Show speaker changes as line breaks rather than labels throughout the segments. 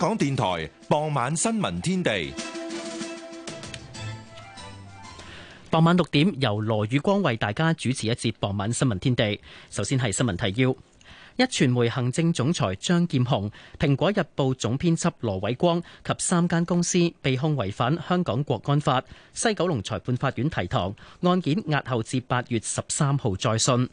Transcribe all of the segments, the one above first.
香港電台傍晚
新聞天地，傍晚六點由羅宇光為大家主持一節傍晚新聞天地。首先係新聞提要：一傳媒行政總裁張劍雄、蘋果日報總編輯羅偉光及三間公司被控違反香港國安法，西九龍裁判法院提堂，案件押後至八月十三號再訊。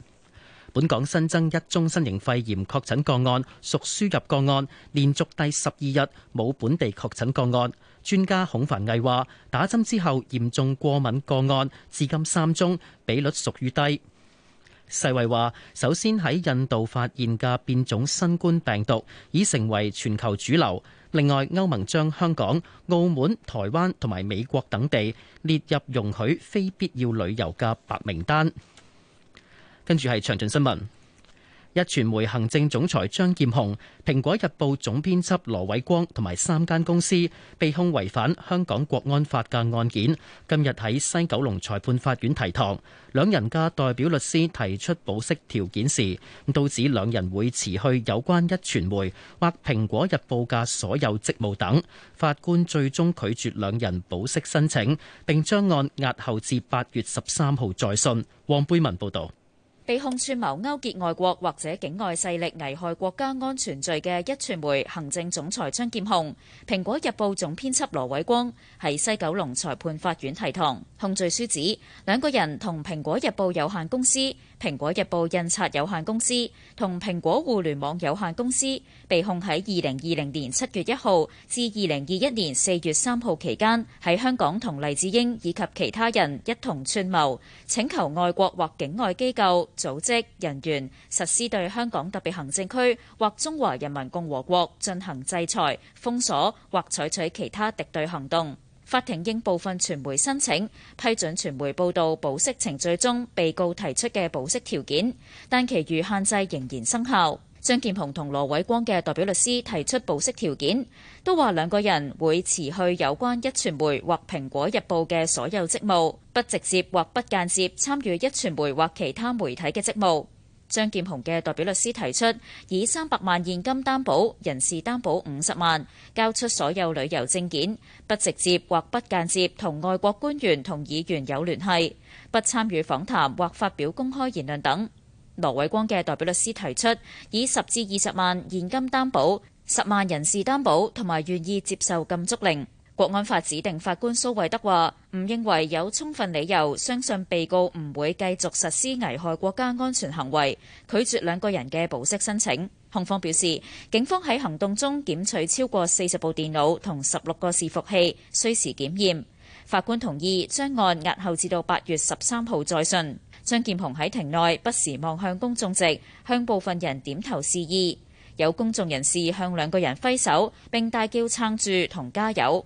本港新增一宗新型肺炎確診個案，屬輸入個案，連續第十二日冇本地確診個案。專家孔繁毅話：打針之後嚴重過敏個案至今三宗，比率屬於低。世衛話：首先喺印度發現嘅變種新冠病毒已成為全球主流。另外，歐盟將香港、澳門、台灣同埋美國等地列入容許非必要旅遊嘅白名單。跟住係詳盡新聞，一傳媒行政總裁張劍虹、蘋果日報總編輯羅偉光同埋三間公司被控違反香港國安法嘅案件，今日喺西九龍裁判法院提堂。兩人嘅代表律師提出保釋條件時，都指兩人會辭去有關一傳媒或蘋果日報嘅所有職務等。法官最終拒絕兩人保釋申請，並將案押後至八月十三號再訊。黃貝文報道。
被控串謀勾結外國或者境外勢力危害國家安全罪嘅壹傳媒行政總裁張劍虹、蘋果日報總編輯羅偉光，喺西九龍裁判法院提堂。控罪書指，兩個人同蘋果日報有限公司。蘋果日報印刷有限公司同蘋果互聯網有限公司被控喺2020年7月1號至2021年4月3號期間喺香港同黎智英以及其他人一同串謀請求外國或境外機構、組織、人員實施對香港特別行政區或中華人民共和國進行制裁、封鎖或採取其他敵對行動。法庭應部分傳媒申請，批准傳媒報道保釋程序中被告提出嘅保釋條件，但其餘限制仍然生效。張劍虹同羅偉光嘅代表律師提出保釋條件，都話兩個人會辭去有關一傳媒或蘋果日報嘅所有職務，不直接或不間接參與一傳媒或其他媒體嘅職務。張劍虹嘅代表律師提出以三百萬現金擔保，人事擔保五十萬，交出所有旅遊證件，不直接或不間接同外國官員同議員有聯繫，不參與訪談或發表公開言論等。羅偉光嘅代表律師提出以十至二十萬現金擔保，十萬人事擔保，同埋願意接受禁足令。國安法指定法官蘇慧德話,唔認為有充分理由,相信被告唔會繼續實施危害國家安全行為,拒絕兩個人嘅保釋申請。控方表示,警方喺行動中檢取超過40部電腦和16個伺服器,需時檢驗。法官同意將案押後至到8月13號再訊。張劍虹喺庭內不時望向公眾席,向部分人點頭示意。有公眾人士向兩個人揮手,並大叫撐住同加油。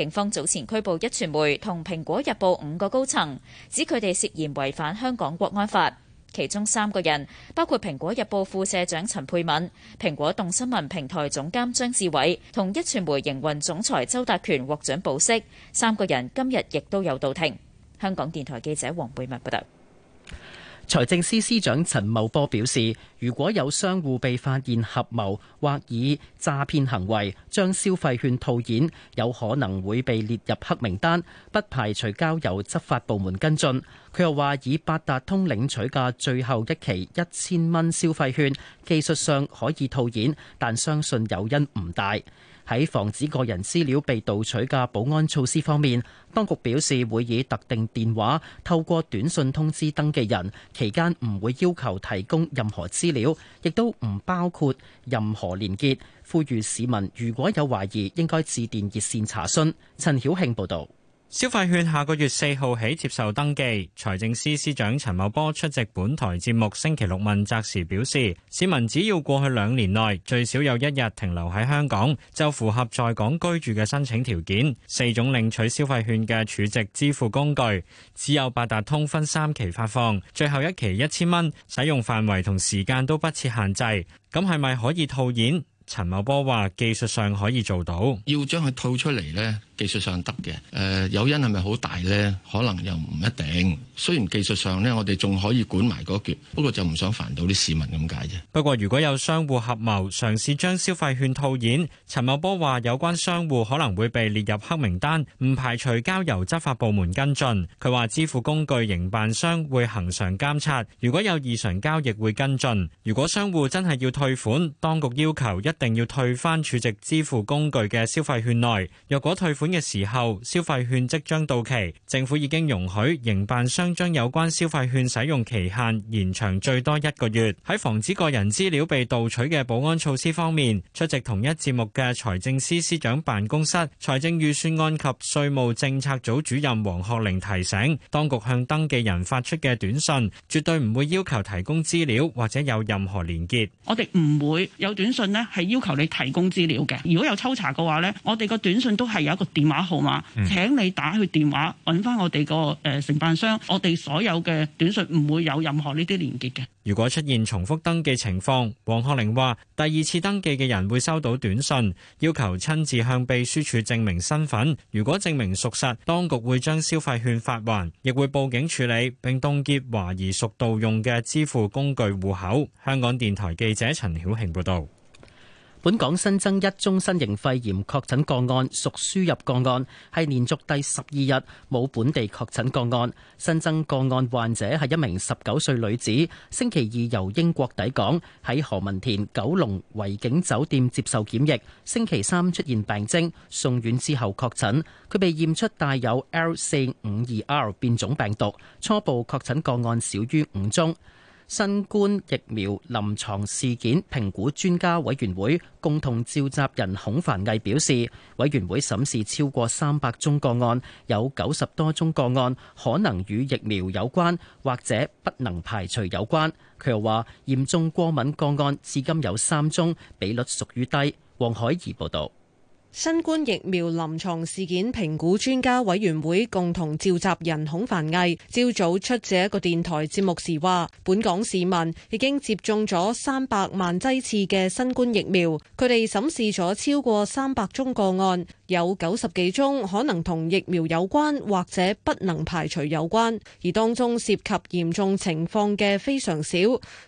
警方早前拘捕壹傳媒同蘋果日報五個高層，指佢哋涉嫌違反香港國安法，其中三個人包括蘋果日報副社長陳佩敏、蘋果動新聞平台總監張志偉、同壹傳媒營運總裁周達權獲准保釋，三個人今日亦都有到庭。香港電台記者黃貝文報道。
財政司司長陳茂波表示，如果有商戶被發現合謀或以詐騙行為將消費券套現，有可能會被列入黑名單，不排除交由執法部門跟進。佢又話，以八達通領取嘅最後一期一千蚊消費券，技術上可以套現，但相信誘因唔大。喺防止個人資料被盜取嘅保安措施方面，當局表示會以特定電話透過短信通知登記人，期間唔會要求提供任何資料，亦都唔包括任何連結。呼籲市民如果有懷疑，應該致電熱線查詢。陳曉慶報導。消費券下個月四號起接受登記，財政
司司長陳茂波出席本台節目星期六問責時表示，市民只要過去兩年內最少有一日停留喺香港，就符合在港居住嘅申請條件。四種領取消費券嘅儲值支付工具，只有八達通分三期發放，最後一期一千蚊，使用範圍同時間都不設限制。咁係咪可以套現？陳茂波話技術上可以做到，要將佢套出嚟
呢，技術上得嘅，誒、呃、誘因係咪好大咧？可能又唔一定。雖然技術上咧，我哋仲可以管埋嗰橛，不過就唔想煩到啲市民咁解啫。不過如果有
商戶合謀嘗試將消費券套現，陳茂波話有關商戶可能會被列入黑名單，唔排除交由執法部門跟進，佢話支付工具營辦商會恒常監察，如果有異常交易會跟進，如果商戶真係要退款，當局要求一定要退翻儲值支付工具嘅消費券內，若果退款，嘅時候，消費券即將到期，政府已經容許營辦商將有關消費券使用期限延長最多一個月。喺防止個人資料被盜取嘅保安措施方面，出席同一節目嘅財政司司長辦公室、財政預算案及稅務政策組主任黃學玲提醒，當局向登記人發出嘅短信絕對唔會要求提供資料或者有任何連結。
我哋唔會有短信咧，係要求你提供資料嘅。如果有抽查嘅話咧，我哋個短信都係有一個。電話號碼，嗯、請你打去電話，揾翻我哋個誒承辦商，我哋所有嘅短訊唔會有任何呢啲連結嘅。
如果出現重複登記情況，黃學玲話第二次登記嘅人會收到短訊，要求親自向秘書處證明身份。如果證明屬實，當局會將消費券發還，亦會報警處理並凍結懷疑屬盜用嘅支付工具戶口。香港電台記者陳曉
慶報道。本港新增一宗新型肺炎確診個案，屬輸入個案，係連續第十二日冇本地確診個案。新增個案患者係一名十九歲女子，星期二由英國抵港，喺何文田九龍維景酒店接受檢疫，星期三出現病徵，送院之後確診，佢被驗出帶有 L452R 變種病毒，初步確診個案少於五宗。新冠疫苗臨床事件評估專家委員會共同召集人孔凡毅表示，委員會審視超過三百宗個案，有九十多宗個案可能與疫苗有關或者不能排除有關，佢又話嚴重過敏個案至今有三宗，比率屬於低。黃海怡報道。
新冠疫苗臨床事件評估專家委員會共同召集人孔凡毅朝早出席一個電台節目時話，本港市民已經接種咗三百萬劑次嘅新冠疫苗，佢哋審視咗超過三百宗個案。有九十幾宗可能同疫苗有關，或者不能排除有關，而當中涉及嚴重情況嘅非常少，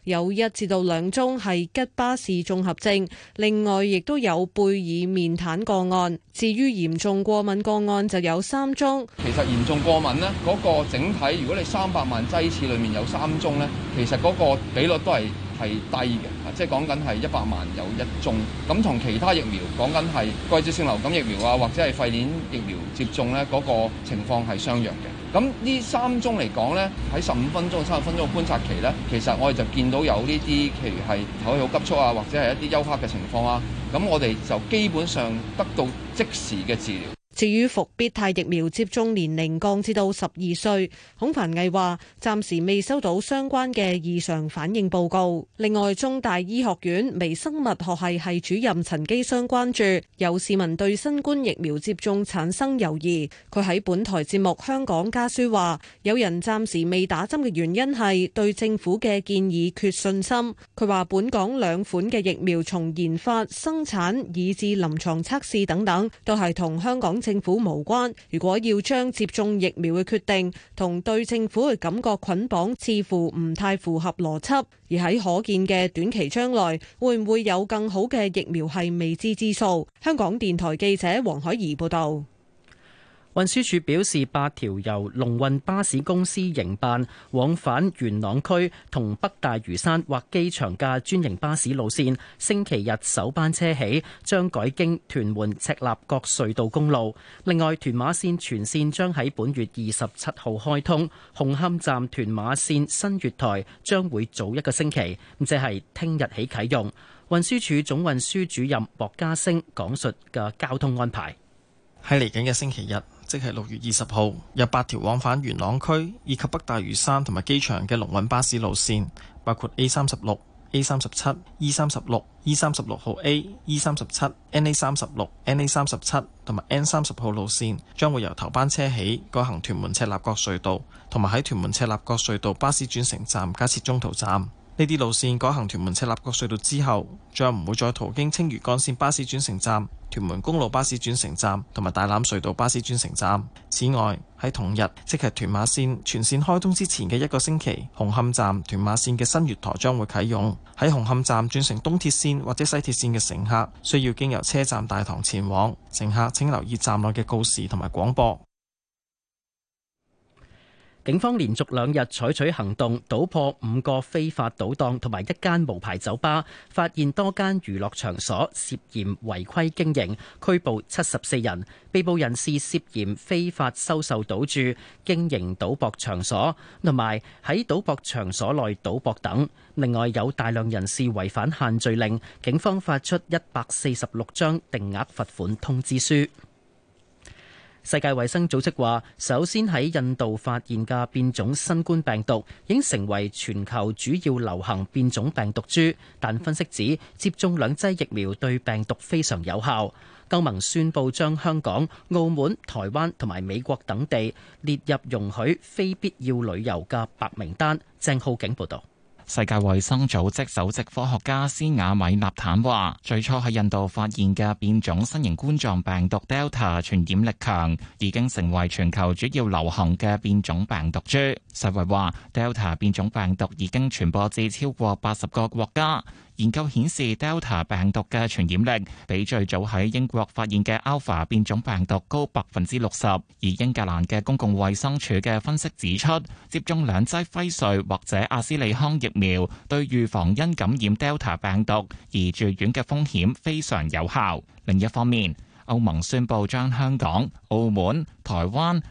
有一至到兩宗係吉巴氏綜合症，另外亦都有貝爾面癱個案。至於嚴重過敏個案就有三宗。
其實嚴重過敏呢嗰、嗰個整體，如果你三百萬劑次裏面有三宗呢，其實嗰個比率都係係低嘅。即係講緊係一百萬有一宗，咁同其他疫苗講緊係季節性流感疫苗啊，或者係肺炎疫苗接種呢嗰、那個情況係相若嘅。咁呢三宗嚟講呢，喺十五分鐘、三十分鐘嘅觀察期呢，其實我哋就見到有呢啲，譬如係體氣好急促啊，或者係一啲休克嘅情況啊。咁我哋就基本上得到即時嘅治療。
至於復必泰疫苗接種年齡降至到十二歲，孔凡毅話：暫時未收到相關嘅異常反應報告。另外，中大醫學院微生物學系系主任陳基湘關注有市民對新冠疫苗接種產生猶疑。佢喺本台節目《香港家書》話：有人暫時未打針嘅原因係對政府嘅建議缺信心。佢話：本港兩款嘅疫苗從研發、生產、以至臨床測試等等，都係同香港政府無關，如果要將接種疫苗嘅決定同對政府嘅感覺捆綁，似乎唔太符合邏輯。而喺可見嘅短期將來，會唔會有更好嘅疫苗係未知之數。香港電台記者黃海怡報道。
運輸署表示，八條由龍運巴士公司營辦往返元朗區同北大嶼山或機場嘅專營巴士路線，星期日首班車起將改經屯門赤鱲角隧道公路。另外，屯馬線全線將喺本月二十七號開通，紅磡站屯馬線新月台將會早一個星期，即係聽日起啟用。運輸署總運輸主任博家星講述嘅交通安排喺嚟緊嘅星期日，即係六月二十號，有八條往返元朗區以及北大嶼山
同埋機場嘅龍運巴士路線，包括 A 三十六、A 三十七、E 三十六、E 三十六號 A、E 三十七、NA 三十六、NA 三十七同埋 N 三十號路線，將會由頭班車起改行屯門赤鱲角隧道，同埋喺屯門赤鱲角隧道巴士轉乘站加設中途站。呢啲路線改行屯門赤鱲角隧道之後，將唔會再途經青嶼幹線巴士轉乘站、屯門公路巴士轉乘站同埋大欖隧道巴士轉乘站。此外，喺同日即係屯馬線全線開通之前嘅一個星期，紅磡站屯馬線嘅新月台將會啟用。喺紅磡站轉乘東鐵線或者西鐵線嘅乘客，需要經由車站大堂前往。乘客請留意站內嘅
告示同埋廣播。警方連續兩日採取行動，搗破五個非法賭檔同埋一間無牌酒吧，發現多間娛樂場所涉嫌違規經營，拘捕七十四人。被捕人士涉嫌非法收受賭注、經營賭博場所同埋喺賭博場所內賭博等。另外有大量人士違反限聚令，警方發出一百四十六張定額罰款通知書。世界衛生組織話，首先喺印度發現嘅變種新冠病毒，已經成為全球主要流行變種病毒株。但分析指，接種兩劑疫苗對病毒非常有效。歐盟宣布將香港、澳門、台灣同埋美國等地列入容許非必要旅遊嘅白名單。鄭浩景報導。
世界衛生組織首席科學家斯瓦米納坦話：最初喺印度發現嘅變種新型冠狀病毒 Delta 傳染力強，已經成為全球主要流行嘅變種病毒株。世衞話，Delta 變種病毒已經傳播至超過八十個國家。研究顯示，Delta 病毒嘅傳染力比最早喺英國發現嘅 Alpha 變種病毒高百分之六十。而英格蘭嘅公共衛生署嘅分析指出，接種兩劑輝瑞或者阿斯利康疫苗，對預防因感染 Delta 病毒而住院嘅風險非常有效。另一方面，歐盟宣布將香港澳門，台灣，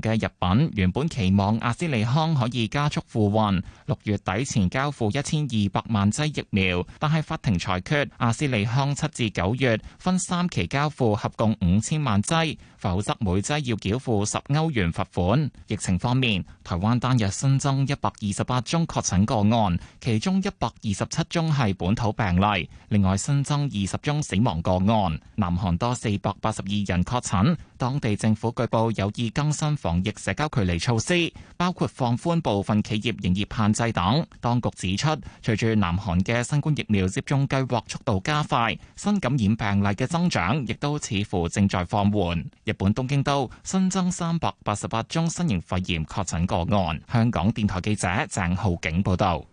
嘅日品原本期望阿斯利康可以加速付運，六月底前交付一千二百萬劑疫苗，但係法庭裁決阿斯利康七至九月分三期交付，合共五千萬劑，否則每劑要繳付十歐元罰款。疫情方面，台灣單日新增一百二十八宗確診個案，其中一百二十七宗係本土病例，另外新增二十宗死亡個案。南韓多四百八十二人確診，當地政府據報有意更新防防疫社交距離措施包括放寬部分企業營業限制等。當局指出，隨住南韓嘅新冠疫苗接種計劃速度加快，新感染病例嘅增長亦都似乎正在放緩。日本東京都新增三百八十八宗新型肺炎確診個案。香港電台記者鄭浩景報道。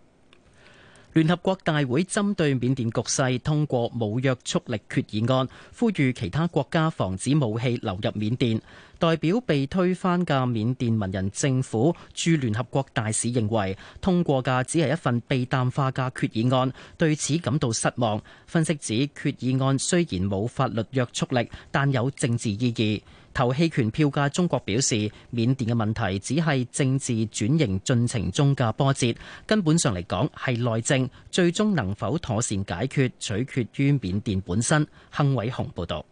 聯合國大會針對緬甸局勢通過冇約束力決議案，呼籲其他國家防止武器流入緬甸。代表被推翻嘅緬甸文人政府駐聯合國大使認為，通過嘅只係一份被淡化嘅決議案，對此感到失望。分析指，決議案雖然冇法律約束力，但有政治意義。投棄權票嘅中國表示，緬甸嘅問題只係政治轉型進程中嘅波折，根本上嚟講係內政，最終能否妥善解決，取決於緬甸本身。亨偉雄報導。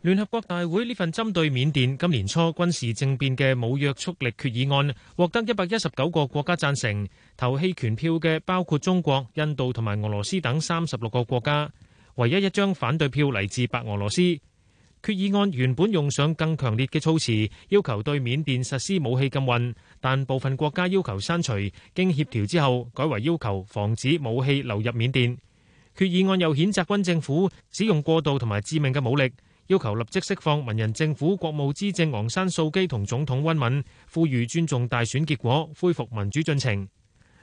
聯合國大會呢份針對緬甸今年初軍事政變嘅冇約束力決議案，獲得一百一十九個國家贊成，投棄權票嘅包括中國、印度同埋俄羅斯等三十六個國家，唯一一張反對票嚟自白俄羅斯。決議案原本用上更強烈嘅措辭，要求對緬甸實施武器禁運，但部分國家要求刪除，經協調之後改為要求防止武器流入緬甸。決議案又譴責軍政府使用過度同埋致命嘅武力，要求立即釋放文人政府國務資政昂山素基同總統溫敏，呼籲尊重大選結果，恢復民主進程。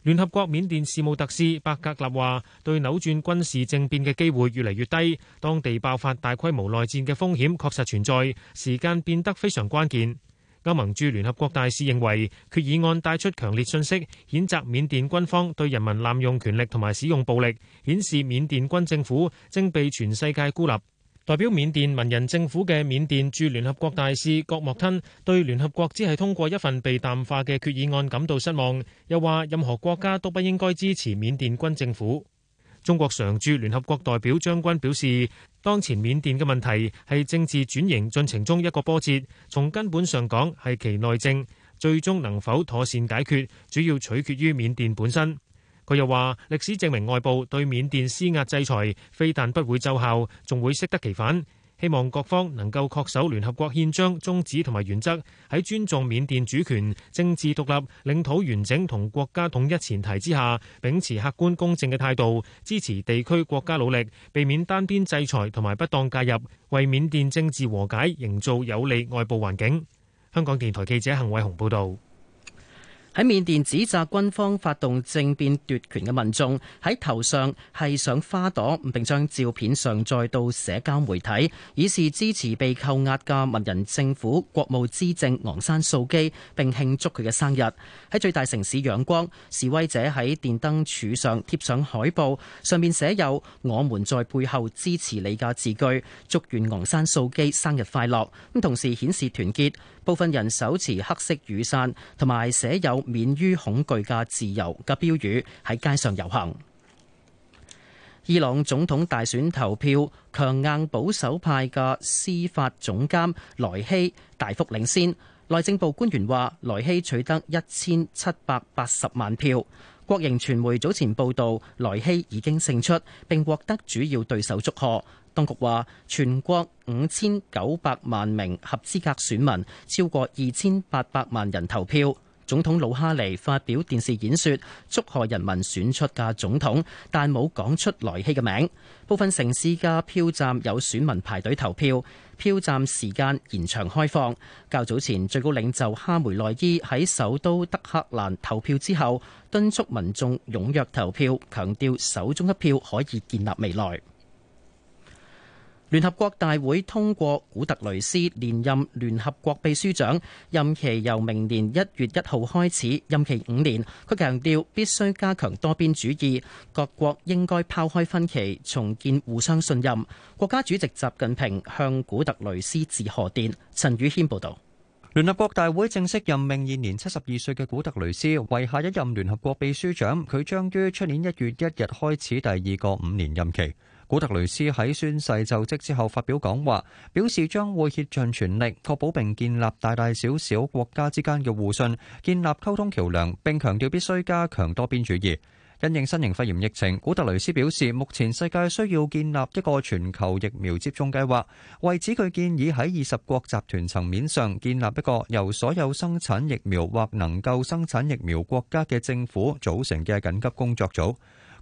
聯合國緬甸事務特使伯格納話：對扭轉軍事政變嘅機會越嚟越低，當地爆發大規模內戰嘅風險確實存在，時間變得非常關鍵。歐盟駐聯合國大使認為決議案帶出強烈訊息，譴責緬甸軍方對人民濫用權力同埋使用暴力，顯示緬甸軍政府正被全世界孤立。代表緬甸文人政府嘅緬甸駐聯合國大使郭莫吞對聯合國只係通過一份被淡化嘅決議案感到失望，又話任何國家都不應該支持緬甸軍政府。中國常駐聯合國代表張軍表示，當前緬甸嘅問題，係政治轉型進程中一個波折，從根本上講，係其內政，最終能否妥善解決，主要取決於緬甸本身。佢又話：歷史證明，外部對緬甸施壓制裁，非但不會奏效，仲會適得其反。希望各方能夠恪守聯合國憲章宗旨同埋原則，喺尊重緬甸主權、政治獨立、領土完整同國家統一前提之下，秉持客觀公正嘅態度，支持地區國家努力，避免單邊制裁同埋不當介入，為緬甸政治和解營造有利外部環境。香港電台記者
幸偉雄報道。喺緬甸指責軍方發動政變奪權嘅民眾喺頭上係上花朵，並將照片上載到社交媒體，以示支持被扣押嘅文人政府國務資政昂山素姬並慶祝佢嘅生日。喺最大城市仰光，示威者喺電燈柱上貼上海報，上面寫有「我們在背後支持你」嘅字句，祝願昂山素姬生日快樂。咁同時顯示團結，部分人手持黑色雨傘，同埋寫有免於恐懼嘅自由嘅標語喺街上遊行。伊朗總統大選投票，強硬保守派嘅司法總監萊希大幅領先。內政部官員話，萊希取得一千七百八十萬票。國營傳媒早前報道，萊希已經勝出，並獲得主要對手祝賀。當局話，全國五千九百萬名合資格選民，超過二千八百萬人投票。總統魯哈尼發表電視演說，祝賀人民選出嘅總統，但冇講出來希嘅名。部分城市嘅票站有選民排隊投票，票站時間延長開放。較早前，最高領袖哈梅內伊喺首都德黑蘭投票之後，敦促民眾踴躍投票，強調手中一票可以建立未來。聯合國大會通過古特雷斯連任聯合國秘書長，任期由明年一月一號開始，任期五年。佢強調必須加強多邊主義，各國應該拋開分歧，重建互相信任。國家主席習
近平向古特雷斯致賀電。陳宇謙報導。聯合國大會正式任命現年七十二歲嘅古特雷斯為下一任聯合國秘書長，佢將於出年一月一日開始第二個五年任期。古特雷斯喺宣誓就職之後發表講話，表示將會竭盡全力，確保並建立大大小小國家之間嘅互信，建立溝通橋梁，並強調必須加強多邊主義。因應新型肺炎疫情，古特雷斯表示，目前世界需要建立一個全球疫苗接種計劃，為此佢建議喺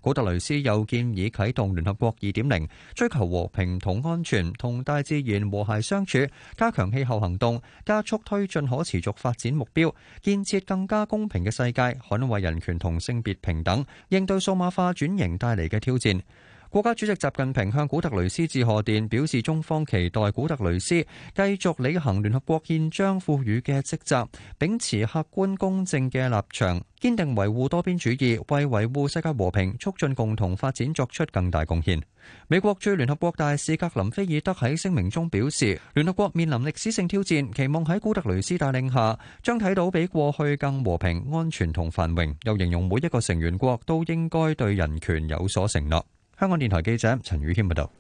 普特雷斯又建議啟動聯合國2.0，追求和平同安全，同大自然和諧相處，加強氣候行動，加速推進可持續發展目標，建設更加公平嘅世界，捍衛人權同性別平等，應對數碼化轉型帶嚟嘅挑戰。國家主席習近平向古特雷斯致賀電，表示中方期待古特雷斯繼續履行聯合國憲章賦予嘅職責，秉持客觀公正嘅立場，堅定維護多邊主義，為維護世界和平、促進共同發展作出更大貢獻。美國駐聯合國大使格林菲爾德喺聲明中表示，聯合國面臨歷史性挑戰，期望喺古特雷斯帶領下，將睇到比過去更和平、安全同繁榮，又形容每一個成員國都應該對人權有所承諾。香港電台記者陳宇謙報道。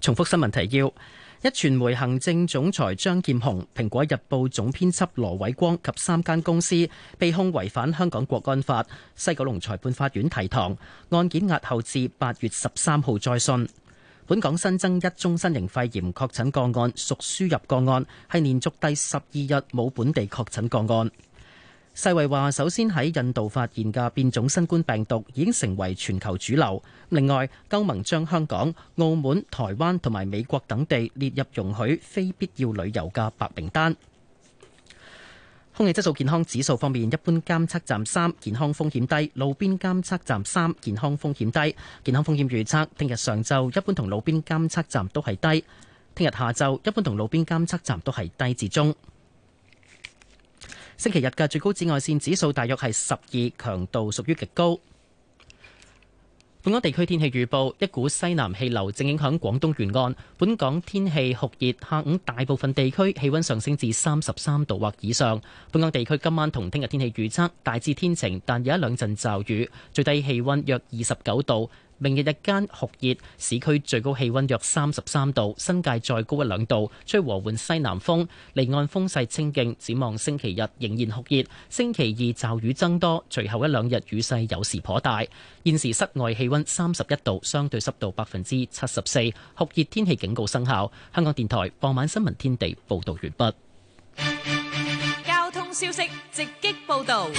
重複新聞提要：
一傳媒行政總裁張劍雄、蘋果日報總編輯羅偉光及三間公司被控違反香港國安法，西九龍裁判法院提堂，案件押後至八月十三號再訊。本港新增一宗新型肺炎確診個案，屬輸入個案，係連續第十二日冇本地確診個案。世衛話，首先喺印度發現嘅變種新冠病毒已經成為全球主流。另外，歐盟將香港、澳門、台灣同埋美國等地列入容許非必要旅遊嘅白名單。空氣質素健康指數方面，一般監測站三健康風險低，路邊監測站三健康風險低。健康風險預測，聽日上晝一般同路邊監測站都係低，聽日下晝一般同路邊監測站都係低至中。星期日嘅最高紫外線指數大約係十二，強度屬於極高。本港地區天氣預報，一股西南氣流正影響廣東沿岸，本港天氣酷熱，下午大部分地區氣温上升至三十三度或以上。本港地區今晚同聽日天氣預測大致天晴，但有一兩陣驟雨，最低氣温約二十九度。明日日間酷熱，市區最高氣溫約三十三度，新界再高一兩度，吹和緩西南風，離岸風勢清勁。展望星期日仍然酷熱，星期二驟雨增多，隨後一兩日雨勢有時頗大。現時室外氣溫三十一度，相對濕度百分之七十四，酷熱天氣警告生效。香港電台傍晚新聞天地報道完畢。
交通消息
直擊報道。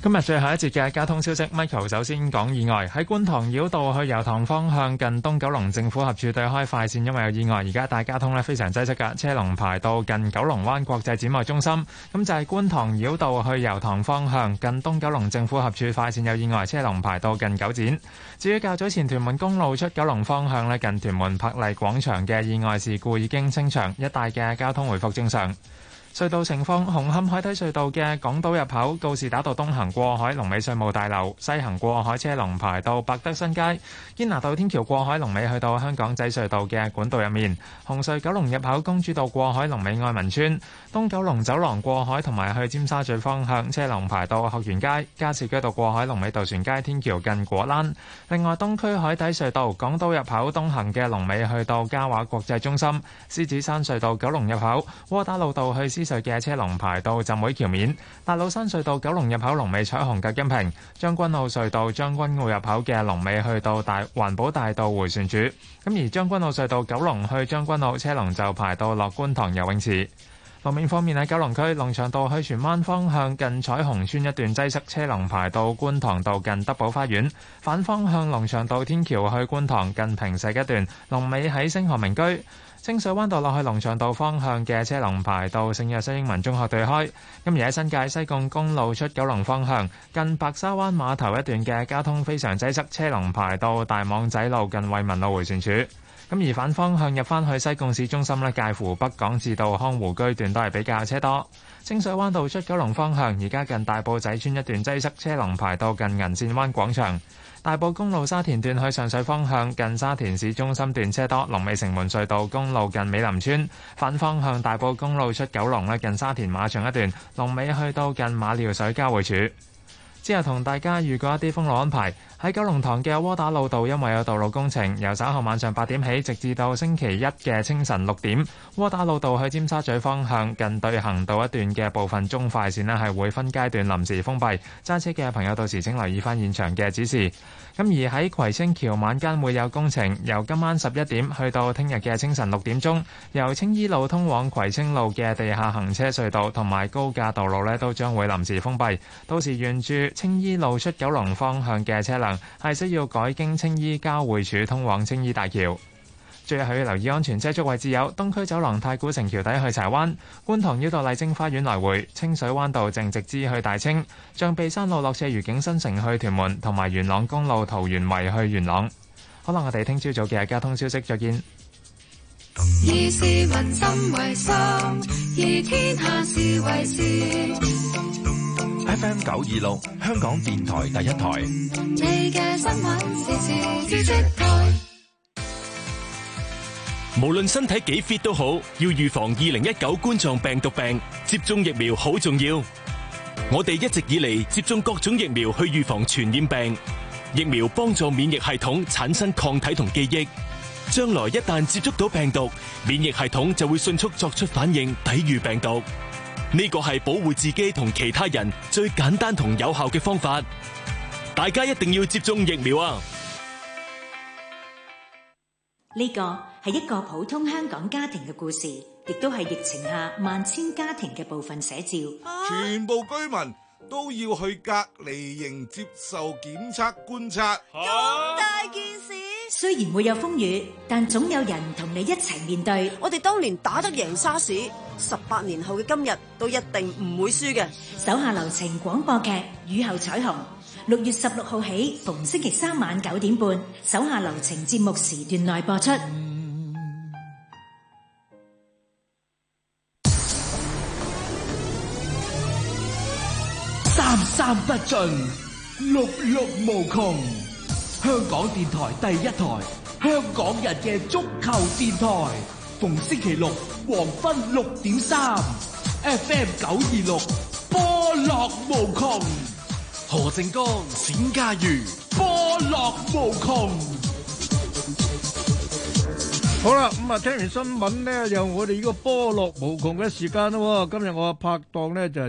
今日最後一節嘅交通消息，Michael 首先
講意外喺觀塘繞道去油塘方向近東九龍政府合署對開快線，因為有意外，而家大交通咧非常擠塞嘅，車龍排到近九龍灣國際展貿中心。咁就係觀塘繞道去油塘方向近東九龍政府合署快線有意外，車龍排到近九展。至於較早前屯門公路出九龍方向咧，近屯門柏麗廣場嘅意外事故已經清場，一帶嘅交通回復正常。隧道情況：紅磡海底隧道嘅港島入口，告士打道東行過海，龍尾稅務大樓；西行過海車龍排到百德新街。堅拿道天橋過海，龍尾去到香港仔隧道嘅管道入面。紅隧九龍入口，公主道過海龍尾愛民村。東九龍走廊過海同埋去尖沙咀方向，車龍排到學園街。加士居道過海龍尾渡船街天橋近果欄。另外，東區海底隧道港島入口東行嘅龍尾去到嘉華國際中心。獅子山隧道九龍入口，窩打老道去。私隧嘅車龍排到浸會橋面。大老山隧道九龍入口，龍尾彩虹隔音屏。將軍澳隧道將軍澳入口嘅龍尾去到大環保大道回旋處。咁而將軍澳隧道九龍去將軍澳車龍就排到落觀塘游泳池。路面方面，喺九龍區龍翔道去荃灣方向，近彩虹邨一段擠塞，車龍排到觀塘道近德寶花園。反方向龍翔道天橋去觀塘近平石一段龍尾喺星河明居。清水灣道落去龍翔道方向嘅車龍排到聖若瑟英文中學對開。今日喺新界西貢公路出九龍方向，近白沙灣碼頭一段嘅交通非常擠塞，車龍排到大網仔路近惠民路回旋處。咁而反方向入返去西貢市中心咧，介乎北港至到匡湖居段都係比較車多。清水灣道出九龍方向，而家近大埔仔村一段擠塞，車龍排到近銀線灣廣場。大埔公路沙田段去上水方向，近沙田市中心段車多。龍尾城門隧道公路近美林村，反方向大埔公路出九龍咧，近沙田馬場一段，龍尾去到近馬料水交匯處。之後同大家預告一啲封路安排。喺九龍塘嘅窩打老道，因為有道路工程，由稍後晚上八點起，直至到星期一嘅清晨六點，窩打老道去尖沙咀方向近對行道一段嘅部分中快線咧，係會分階段臨時封閉，揸車嘅朋友到時請留意翻現場嘅指示。咁而喺葵青橋晚間會有工程，由今晚十一點去到聽日嘅清晨六點鐘，由青衣路通往葵青路嘅地下行車隧道同埋高架道路咧，都將會臨時封閉，到時沿住青衣路出九龍方向嘅車輛。係需要改經青衣交匯處通往青衣大橋。最後要留意安全車速位置有：東區走廊、太古城橋底去柴灣、觀塘繞道麗晶花園來回、清水灣道正直支去大清、象鼻山路落舍愉景新城去屯門，同埋元朗公路桃園圍去元朗。好啦，我哋聽朝早嘅交通消息，再見。
以市民心為心，以天下事為事。
FM 九二六，香港電台第一台。無
論身體幾 fit 都好，要預防二零一九冠狀病毒病，接種疫苗好重要。我哋一直以嚟接種各種疫苗去預防傳染病，疫苗幫助免疫系統產生抗體同記憶，將來一旦接觸到病毒，免疫系統就會迅速作出反應，抵禦病毒。呢個係保護自己同其他人最簡單同有效嘅方法，大家一定要接種疫苗啊！
呢個係一個普通香港家庭嘅故事，亦都係疫情下萬千家庭嘅部分寫照。啊、全部居民都要去隔離營接受檢測觀察，咁、啊、大件事。雖然會有風雨，但總有人同你一齊面對。我哋當年打得贏沙士18年後嘅今日都一定唔會輸嘅。手下留情廣播劇雨後彩虹6月16
香港電台第一台，香港人嘅足球電台，
逢星期六黃昏六點三，FM 九二六，波樂無窮，何靜江、冼嘉瑜，波
樂無窮。好啦，咁啊，聽
完新聞咧，又我哋呢個波樂無窮嘅時間咯、哦。今日我嘅拍檔咧就是。